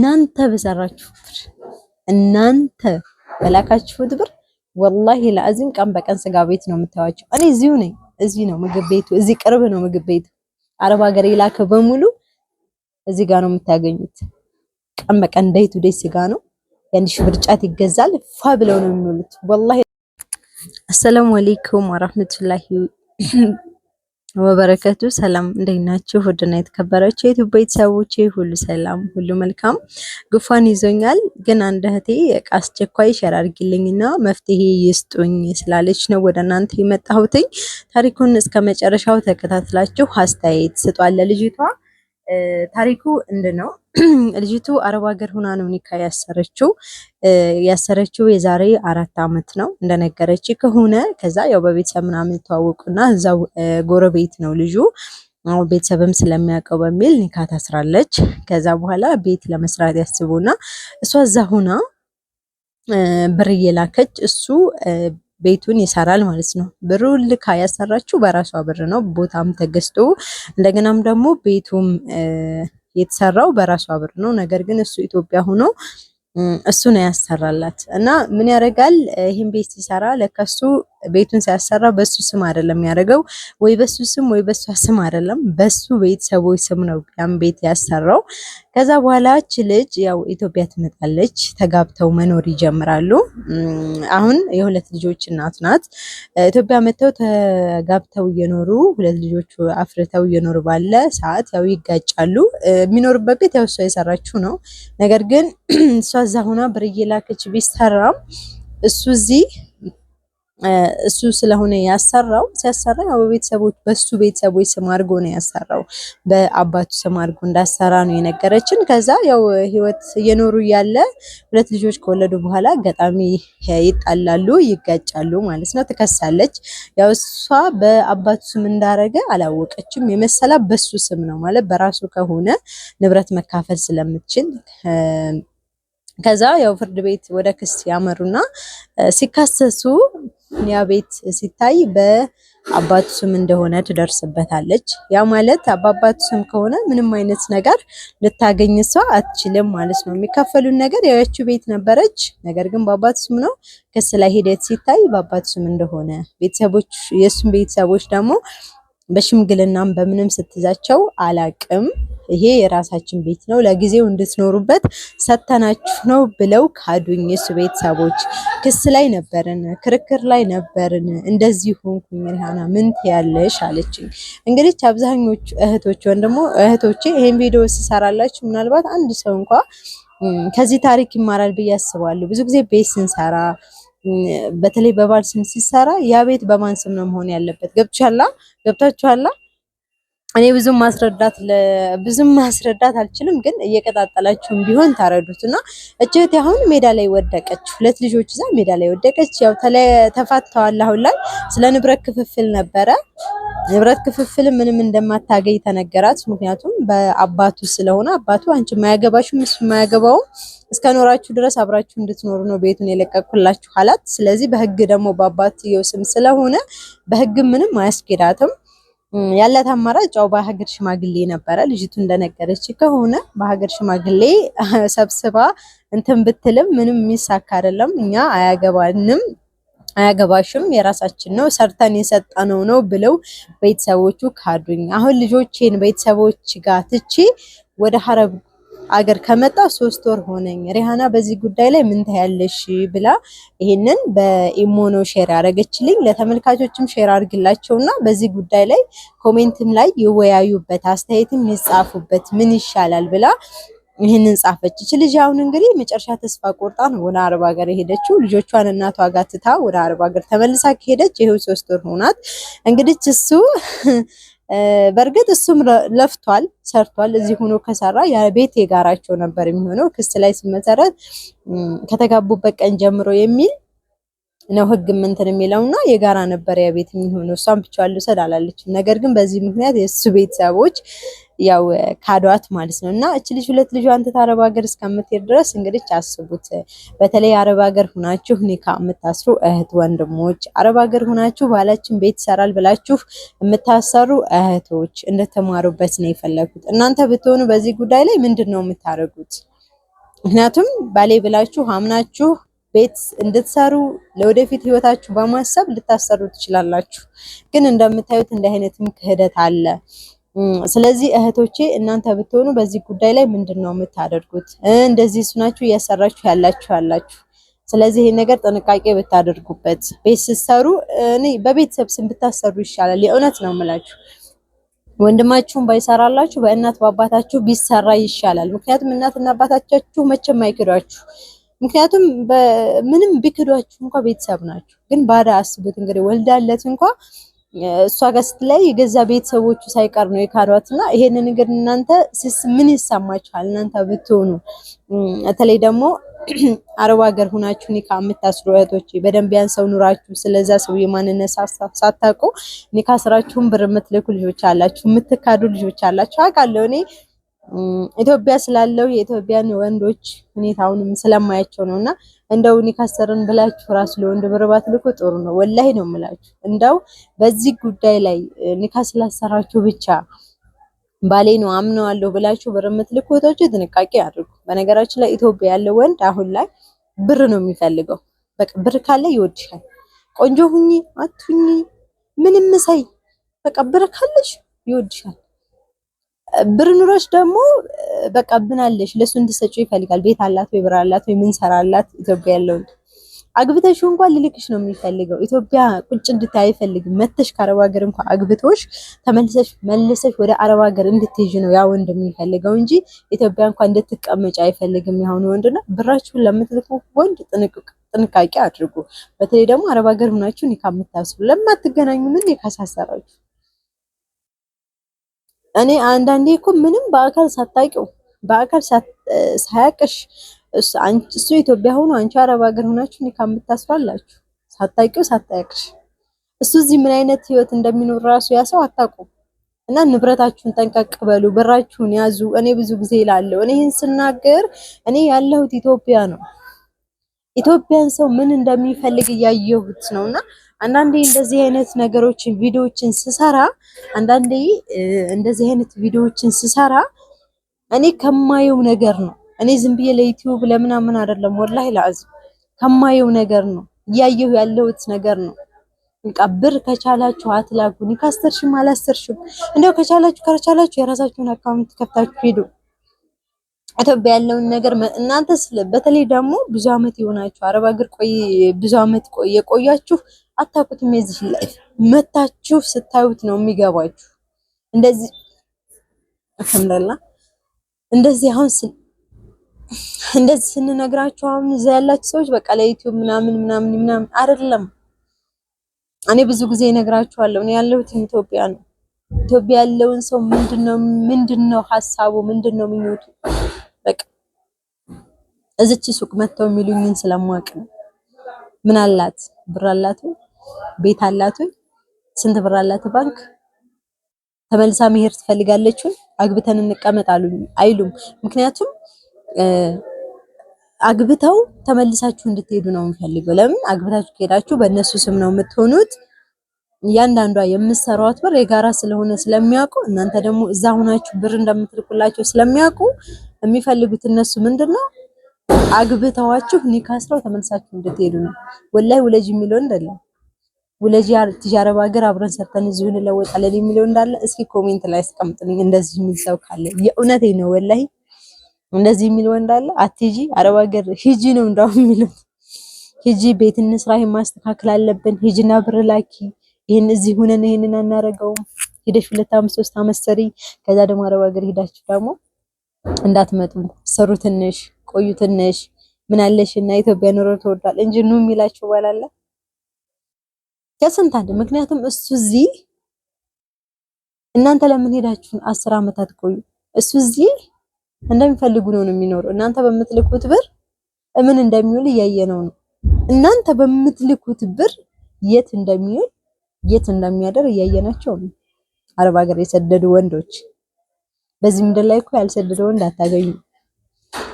እናንተ በሰራችሁት ብር እናንተ በላካችሁት ብር ወላሂ ለአዚም ቀን በቀን ስጋ ቤት ነው የምታዩዋቸው። እኔ እዚሁ ነኝ፣ እዚህ ነው ምግብ ቤቱ፣ እዚህ ቅርብ ነው ምግብ ቤቱ። አረብ ሀገር የላከ በሙሉ እዚህ ጋር ነው የምታገኙት። ቀን በቀን ዳይ ቱ ዳይ ስጋ ነው የአንድ ሺህ ብር ጫት ይገዛል። ፋ ብለው ነው የሚውሉት ወላሂ። አሰላሙ አለይኩም ወራህመቱላሂ ወበረከቱ ሰላም እንዴት ናችሁ? ውድና የተከበራችሁ የዩቲዩብ ቤተሰቦቼ ሁሉ ሰላም ሁሉ መልካም። ጉንፋን ይዞኛል ግን አንድ እህቴ አስቸኳይ ሸር አድርጊልኝና መፍትሄ ይስጡኝ ስላለች ነው ወደ እናንተ የመጣሁትኝ። ታሪኩን እስከ መጨረሻው ተከታትላችሁ አስተያየት ስጧለ። ልጅቷ ታሪኩ እንድ ነው ልጅቱ አረብ ሀገር ሁና ነው ኒካ ያሰረችው። ያሰረችው የዛሬ አራት አመት ነው እንደነገረች ከሆነ ከዛ ያው በቤተሰብ ምናምን ተዋወቁና እዛው ጎረቤት ነው ልጁ ቤተሰብም ስለሚያውቀው በሚል ኒካ ታስራለች። ከዛ በኋላ ቤት ለመስራት ያስቡና እሷ እዛ ሁና ብር እየላከች እሱ ቤቱን ይሰራል ማለት ነው። ብሩ ልካ ያሰራችው በራሷ ብር ነው። ቦታም ተገዝቶ እንደገናም ደግሞ ቤቱም የተሰራው በራሷ ብር ነው። ነገር ግን እሱ ኢትዮጵያ ሆኖ እሱ ነው ያሰራላት እና ምን ያደርጋል ይህን ቤት ሲሰራ ለከሱ ቤቱን ሲያሰራው በሱ ስም አይደለም ያደረገው ወይ በሱ ስም ወይ በሷ ስም አይደለም፣ በሱ ቤተሰቦች ስም ነው ያን ቤት ያሰራው። ከዛ በኋላች ልጅ ያው ኢትዮጵያ ትመጣለች፣ ተጋብተው መኖር ይጀምራሉ። አሁን የሁለት ልጆች እናት ናት። ኢትዮጵያ መጥተው ተጋብተው እየኖሩ ሁለት ልጆቹ አፍርተው እየኖሩ ባለ ሰዓት ያው ይጋጫሉ። የሚኖርበት ቤት ያው እሷ የሰራችው ነው። ነገር ግን እሷ እዛ ሆና ብር እየላከች ቢሰራም እሱ እዚህ እሱ ስለሆነ ያሰራው ሲያሰራ ያው በቤተሰቦች በሱ ቤተሰቦች ስም አድርጎ ነው ያሰራው። በአባቱ ስም አድርጎ እንዳሰራ ነው የነገረችን። ከዛ ያው ህይወት እየኖሩ ያለ ሁለት ልጆች ከወለዱ በኋላ አጋጣሚ ይጣላሉ፣ ይጋጫሉ ማለት ነው። ትከሳለች። ያው እሷ በአባቱ ስም እንዳረገ አላወቀችም። የመሰላ በሱ ስም ነው ማለት በራሱ ከሆነ ንብረት መካፈል ስለምትችል ከዛ ያው ፍርድ ቤት ወደ ክስ ያመሩና ሲካሰሱ ያ ቤት ሲታይ በአባቱ ስም እንደሆነ ትደርስበታለች። ያ ማለት በአባቱ ስም ከሆነ ምንም አይነት ነገር ልታገኝ እሷ አትችልም ማለት ነው። የሚካፈሉን ነገር ያቺ ቤት ነበረች። ነገር ግን በአባቱ ስም ነው። ክስ ላይ ሂደት ሲታይ በአባቱ ስም እንደሆነ ቤተሰቦች የእሱም ቤተሰቦች ደግሞ በሽምግልናም በምንም ስትዛቸው አላቅም ይሄ የራሳችን ቤት ነው ለጊዜው እንድትኖሩበት ሰተናችሁ ነው ብለው ካዱኝ የሱ ቤተሰቦች። ክስ ላይ ነበርን፣ ክርክር ላይ ነበርን። እንደዚህ ሆንኩኝ ሪሃና ምን ትያለሽ አለችኝ። እንግዲህ አብዛኞቹ እህቶች ወይም ደግሞ እህቶቼ ይሄን ቪዲዮ ስሰራላችሁ ምናልባት አንድ ሰው እንኳ ከዚህ ታሪክ ይማራል ብዬ አስባለሁ። ብዙ ጊዜ ቤት ስንሰራ በተለይ በባል ስም ሲሰራ ያ ቤት በማን ስም ነው መሆን ያለበት? ገብቻላ ገብታችኋላ እኔ ብዙም ማስረዳት ብዙም ማስረዳት አልችልም፣ ግን እየቀጣጠላችሁም ቢሆን ታረዱት እና እጅት አሁን ሜዳ ላይ ወደቀች። ሁለት ልጆች እዛ ሜዳ ላይ ወደቀች። ያው ተፋተዋል። አሁን ላይ ስለ ንብረት ክፍፍል ነበረ። ንብረት ክፍፍል ምንም እንደማታገኝ ተነገራት። ምክንያቱም በአባቱ ስለሆነ አባቱ አንቺ ማያገባሽም እሱ የማያገባውም እስከኖራችሁ ድረስ አብራችሁ እንድትኖሩ ነው ቤቱን የለቀኩላችሁ አላት። ስለዚህ በህግ ደግሞ በአባትየው ስም ስለሆነ በህግ ምንም አያስኬዳትም። ያላት አማራጭ ያው በሀገር ሽማግሌ ነበረ። ልጅቱ እንደነገረች ከሆነ በሀገር ሽማግሌ ሰብስባ እንትን ብትልም ምንም የሚሳካ አይደለም። እኛ አያገባንም አያገባሽም የራሳችን ነው ሰርተን የሰጠነው ነው ብለው ቤተሰቦቹ ካዱኝ። አሁን ልጆቼን ቤተሰቦች ጋር ትቼ ወደ ሀረብ አገር ከመጣ ሶስት ወር ሆነኝ። ሪሃና በዚህ ጉዳይ ላይ ምን ታያለሽ ብላ ይሄንን በኢሞ ነው ሼር ያደረገችልኝ። ለተመልካቾችም ሼር አድርግላቸውና በዚህ ጉዳይ ላይ ኮሜንትም ላይ ይወያዩበት፣ አስተያየትም ይጻፉበት፣ ምን ይሻላል ብላ ይህንን ጻፈች። እች ልጅ አሁን እንግዲህ መጨረሻ ተስፋ ቆርጣ ነው ወደ አረብ ሀገር የሄደችው። ልጆቿን እናቷ ጋር ትታ ወደ አረብ ሀገር ተመልሳ ከሄደች ይሄው ሶስት ወር ሆናት። እንግዲህ እሱ በእርግጥ እሱም ለፍቷል ሰርቷል። እዚህ ሆኖ ከሰራ የቤት የጋራቸው ነበር የሚሆነው። ክስ ላይ ሲመሰረት ከተጋቡበት ቀን ጀምሮ የሚል ነው ህግ ምንትን የሚለውና የጋራ ነበር ያ ቤት የሚሆነው። እሷን ብቻዋን ልውሰድ አላለችም። ነገር ግን በዚህ ምክንያት የእሱ ቤተሰቦች ያው ካዷት ማለት ነው። እና እች ልጅ ሁለት ልጅ አንተ አረብ ሀገር እስከምትሄድ ድረስ እንግዲህ አስቡት። በተለይ አረብ ሀገር ሁናችሁ ኒካ የምታስሩ እህት ወንድሞች፣ አረብ ሀገር ሁናችሁ ባላችን ቤት ይሰራል ብላችሁ የምታሰሩ እህቶች እንደተማሩበት ነው የፈለጉት። እናንተ ብትሆኑ በዚህ ጉዳይ ላይ ምንድን ነው የምታደርጉት? ምክንያቱም ባሌ ብላችሁ አምናችሁ ቤት እንድትሰሩ ለወደፊት ህይወታችሁ በማሰብ ልታሰሩ ትችላላችሁ። ግን እንደምታዩት እንዲህ አይነትም ክህደት አለ። ስለዚህ እህቶቼ እናንተ ብትሆኑ በዚህ ጉዳይ ላይ ምንድን ነው የምታደርጉት? እንደዚህ እሱ እያሰራችሁ ያላችሁ አላችሁ። ስለዚህ ይሄ ነገር ጥንቃቄ ብታደርጉበት፣ ቤት ስትሰሩ በቤተሰብ ስም ብታሰሩ ይሻላል። የእውነት ነው የምላችሁ። ወንድማችሁን ባይሰራላችሁ በእናት በአባታችሁ ቢሰራ ይሻላል። ምክንያቱም እናትና አባታቻችሁ መቼም አይክዷችሁ። ምክንያቱም ምንም ቢክዷችሁ እንኳ ቤተሰብ ናችሁ። ግን ባዳ አስቡት እንግዲህ ወልዳለት እንኳ እሷ ጋር ስትለያይ የገዛ ቤተሰቦቹ ሳይቀር ነው የካሯት። እና ይሄንን ነገር እናንተ ስስ ምን ይሰማችኋል? እናንተ ብትሆኑ በተለይ ደግሞ አረብ ሀገር ሁናችሁ ኒካ የምታስሩ እህቶች በደንብ ያን ሰው ኑራችሁ ስለዛ ሰው የማንነት ሳታውቁ ኒካ ስራችሁን ብር የምትልኩ ልጆች አላችሁ፣ የምትካዱ ልጆች አላችሁ አውቃለሁ እኔ ኢትዮጵያ ስላለው የኢትዮጵያን ወንዶች ሁኔታውንም ስለማያቸው ነው። እና እንደው ኒካሰርን ብላችሁ ራሱ ለወንድ ብርባት ልኩ ጥሩ ነው። ወላሂ ነው የምላችሁ። እንደው በዚህ ጉዳይ ላይ ኒካ ስላሰራችሁ ብቻ ባሌ ነው አምነዋለሁ ብላችሁ ብር የምትልኩ እህቶች ጥንቃቄ አድርጉ። በነገራችን ላይ ኢትዮጵያ ያለው ወንድ አሁን ላይ ብር ነው የሚፈልገው። በቃ ብር ካለ ይወድሻል። ቆንጆ ሁኚ አትሁኚ ምንም ሳይ በቃ ብር ካለሽ ይወድሻል። ብር ኑሮች ደግሞ በቃ ብናለሽ ለሱ እንድሰጪው ይፈልጋል። ቤት አላት ወይ ብር አላት ወይ ምን ሰራላት? ኢትዮጵያ ያለውን አግብተሽ እንኳን ልልክሽ ነው የሚፈልገው። ኢትዮጵያ ቁጭ እንድታይ አይፈልግም። መተሽ ከአረብ ሀገር እንኳን አግብቶሽ ተመልሰሽ መልሰሽ ወደ አረብ ሀገር እንድትሄጂ ነው ያ ወንድ የሚፈልገው እንጂ ኢትዮጵያ እንኳን እንድትቀመጭ አይፈልግም። ያሁኑ ወንድና ነው። ብራችሁን ለምትልኩ ወንድ ጥንቃቄ አድርጉ። በተለይ ደግሞ አረብ ሀገር ሆናችሁ ኒካ የምታስቡ ለማትገናኙ ምን ኒካ እኔ አንዳንዴ እኮ ምንም በአካል ሳታውቂው በአካል ሳያቅሽ እሱ ኢትዮጵያ ሆኖ አንቺ አረብ ሀገር ሆናችሁ ኒካ የምታስፋላችሁ ሳታውቂው ሳታያቅሽ እሱ እዚህ ምን አይነት ህይወት እንደሚኖር ራሱ ያሰው ሰው አታውቁም። እና ንብረታችሁን ጠንቀቅ በሉ፣ ብራችሁን ያዙ። እኔ ብዙ ጊዜ እላለሁ። እኔ ይህን ስናገር እኔ ያለሁት ኢትዮጵያ ነው። ኢትዮጵያን ሰው ምን እንደሚፈልግ እያየሁት እና አንዳንዴ እንደዚህ አይነት ነገሮችን ቪዲዮዎችን ስሰራ አንዳንዴ እንደዚህ አይነት ቪዲዮዎችን ስሰራ እኔ ከማየው ነገር ነው። እኔ ዝም ብዬ ለዩቲዩብ ለምናምን አይደለም፣ ወላሂ ላዝ ከማየው ነገር ነው፣ እያየሁ ያለሁት ነገር ነው። በቃ ብር ከቻላችሁ አትላኩኝ፣ ካስተርሽም አላስተርሽም፣ እንደው ከቻላችሁ ከቻላችሁ የራሳችሁን አካውንት ከፍታችሁ ሄዱ። ኢትዮጵያ ያለውን ነገር እናንተ በተለይ ደግሞ ብዙ አመት የሆናችሁ አረብ ሀገር ቆይ ብዙ አመት የቆያችሁ አታውቁትም። የዚህ ላይፍ መታችሁ ስታዩት ነው የሚገባችሁ። እንደዚህ አልሐምዱሊላህ እንደዚህ አሁን እንደዚህ ስንነግራችሁ አሁን እዛ ያላችሁ ሰዎች በቃ ለዩቲዩብ ምናምን ምናምን ምናምን አይደለም። እኔ ብዙ ጊዜ እነግራችኋለሁ። እኔ ያለሁት ኢትዮጵያ ነው። ኢትዮጵያ ያለውን ሰው ምንድነው ምንድነው ሀሳቡ ምንድነው ምኞቱ በቃ እዚች ሱቅ መጥተው የሚሉኝን ስለማውቅ ነው። ምን አላት ብር አላት ቤት አላት ስንት ብር አላት ባንክ? ተመልሳ መሄድ ትፈልጋለች አግብተን እንቀመጣሉ አይሉም። ምክንያቱም አግብተው ተመልሳችሁ እንድትሄዱ ነው የምፈልገው። ለምን አግብታችሁ ከሄዳችሁ በእነሱ ስም ነው የምትሆኑት። እያንዳንዷ የምትሰሯት ብር የጋራ ስለሆነ ስለሚያውቁ እናንተ ደግሞ እዛ ሆናችሁ ብር እንደምትልኩላቸው ስለሚያውቁ የሚፈልጉት እነሱ ምንድን ነው አግብተዋችሁ ኒካ ተመልሳችሁ እንድትሄዱ ነው። ወላይ ውለጅ የሚለው እንደለም ውለጂ ትጂ አረብ ሀገር አብረን ሰርተን እዚሁ እንለወጣለን የሚለው እንዳለ እስኪ ኮሜንት ላይ አስቀምጥልኝ። እንደዚህ የሚል ሰው ካለ የእውነቴ ነው ወላሂ፣ እንደዚህ የሚለው እንዳለ አትጂ አረብ ሀገር ሂጂ ነው እንዳው የሚሉት። ሂጂ ቤት እንስራ፣ ይሄን ማስተካከል አለብን፣ ሂጂና ብር ላኪ፣ ይሄን እዚህ ሁነን ይሄንን አናረገውም፣ ሄደሽ ሁለት አምስት ሶስት አመት ሰሪ፣ ከዛ ደግሞ አረብ ሀገር ሄዳችሁ ደግሞ እንዳትመጡ፣ ሰሩ፣ ትንሽ ቆዩ፣ ትንሽ ምን አለሽ እና ኢትዮጵያ ኑሮ ተወዷል እንጂ ኑ የሚላችሁ ባላላ ከስንት አንድ። ምክንያቱም እሱ እዚህ እናንተ ለምን ሄዳችሁን አስር አመታት አትቆዩ። እሱ እዚህ እንደሚፈልጉ ነው የሚኖረው። እናንተ በምትልኩት ብር ምን እንደሚውል እያየነው ነው። እናንተ በምትልኩት ብር የት እንደሚውል የት እንደሚያደር እያየናቸው ነው። አረብ ሀገር የሰደዱ ወንዶች በዚህ ምድር ላይ እኮ ያልሰደደ ወንድ አታገኙ።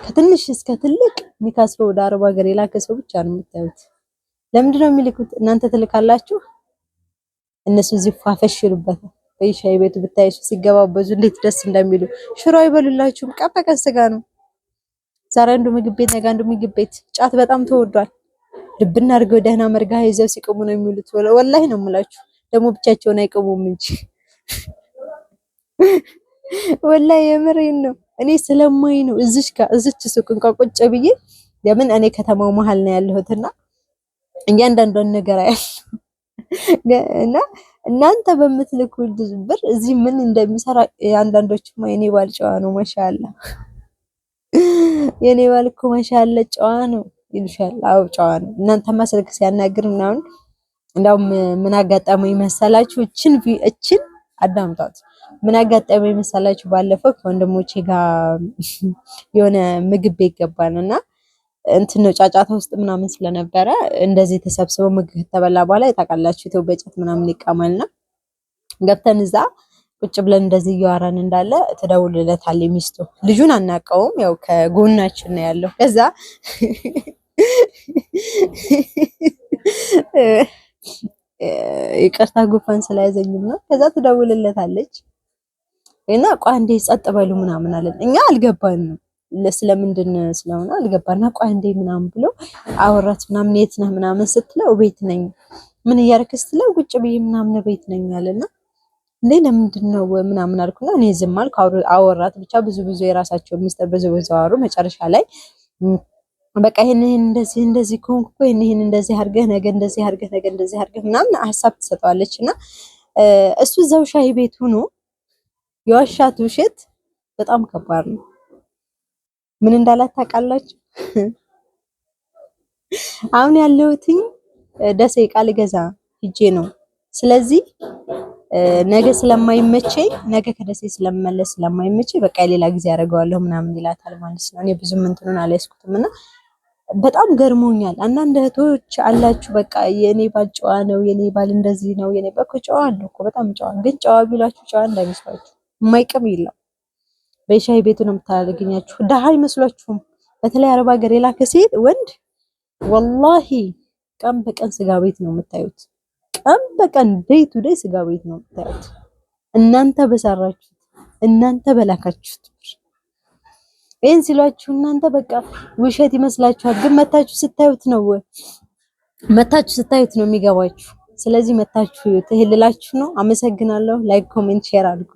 ከትንሽ እስከ ትልቅ የሚካስበው ወደ አረብ ሀገር የላከ ሰው ብቻ ነው የምታዩት። ለምንድን ነው የሚልኩት? እናንተ ትልካላችሁ፣ እነሱ እዚህ ፋፈሽ ይሉበታል። ሻይ ቤቱ ብታይሱ ሲገባበዙ እንዴት ደስ እንደሚሉ ሽሮ አይበሉላችሁም። ቀን በቀን ስጋ ነው። ዛሬ አንዱ ምግብ ቤት፣ ነገ አንዱ ምግብ ቤት። ጫት በጣም ተወዷል። ልብና አድርገው ደህና መርጋ ይዘው ሲቅሙ ነው የሚሉት። ወላሂ ነው የምላችሁ። ደግሞ ብቻቸውን አይቆሙም እንጂ ወላሂ የምሬን ነው። እኔ ስለማይ ነው እዚች ጋር እዚች ሱቅ እንኳን ቁጭ ብዬ ለምን እኔ ከተማው መሀል ነው ያለሁትና እያንዳንዷን ነገር አያል እና እናንተ በምትልኩት ብር እዚህ ምን እንደሚሰራ አንዳንዶች የኔ ባል ጨዋ ነው ማሻአላ፣ የኔ ባል እኮ ማሻአላ ጨዋ ነው ይልሻል። አው ጨዋ ነው። እናንተማ ስልክ ሲያናግር ምናምን እንዳውም ምን አጋጠመኝ መሰላችሁ? እችን እችን አዳምጣት። ምን አጋጠመኝ መሰላችሁ? ባለፈው ከወንድሞቼ ጋር የሆነ ምግብ ቤት ገባን እና እንትን ነው ጫጫታ ውስጥ ምናምን ስለነበረ እንደዚህ ተሰብስበው ምግብ ከተበላ በኋላ የታውቃላችሁ ኢትዮጵያ ጫት ምናምን ይቃማልና ገብተን እዛ ቁጭ ብለን እንደዚህ እያወራን እንዳለ ትደውልለታለች ሚስቱ። ልጁን አናውቀውም፣ ያው ከጎናችን ነው ያለው። ከዛ ይቅርታ ጉፋን ስላያዘኝም ነው። ከዛ ትደውልለታለች እና ቋ እንዴ ጸጥ በሉ ምናምን አለን። እኛ አልገባንም ስለምንድን ስለሆነ አልገባና ቆይ እንዴ ምናምን ብሎ አወራት። ምናምን የት ነህ ምናምን ስትለው ቤት ነኝ ምን እያደረክ ስትለው ቁጭ ብዬ ምናምን ቤት ነኝ አለና እንዴ ለምንድን ነው ምናምን አልኩና እኔ ዝም አልኩ። አወራት ብቻ ብዙ ብዙ የራሳቸው ሚስጥር ብዙ ብዙ አወሩ። መጨረሻ ላይ በቃ ይሄን እንደዚህ እንደዚህ ከሆንኩ እኮ እንደዚህ አድርገህ ነገ እንደዚህ አድርገህ ነገ እንደዚህ አድርገህ ምናምን ሀሳብ ትሰጠዋለች እና እሱ እዛው ሻይ ቤት ሆኖ የዋሻት ውሸት በጣም ከባድ ነው። ምን እንዳላት ታውቃላችሁ? አሁን ያለሁትኝ ደሴ ቃል ገዛ ሂጄ ነው። ስለዚህ ነገ ስለማይመቸኝ ነገ ከደሴ ስለመለስ ስለማይመቸኝ በቃ ሌላ ጊዜ አደርገዋለሁ ምናምን ይላታል ማለት ነው። እኔ ብዙም እንትኑን አልያዝኩትም እና በጣም ገርሞኛል። አንዳንድ እህቶች አላችሁ በቃ የኔ ባል ጨዋ ነው፣ የኔ ባል እንደዚህ ነው፣ የኔ በቃ ጨዋ አሉ እኮ በጣም ጨዋ። ግን ጨዋ ቢሏችሁ ጨዋ እንዳይመስላችሁ የማይቅም የለም። በሻይ ቤቱ ነው የምታገኛችሁ። ድሃ አይመስሏችሁም። በተለይ አረብ ሀገር የላከ ሴት ወንድ ወላሂ ቀን በቀን ስጋ ቤት ነው የምታዩት። ቀን በቀን ዴይ ቱ ዴይ ስጋ ቤት ነው የምታዩት። እናንተ በሰራችሁት እናንተ በላካችሁት ይህን ሲሏችሁ እናንተ በቃ ውሸት ይመስላችኋል፣ ግን መታችሁ ስታዩት ነው መታችሁ ስታዩት ነው የሚገባችሁ። ስለዚህ መታችሁ ይሄ ነው። አመሰግናለሁ። ላይክ፣ ኮሜንት፣ ሼር አድርጉ።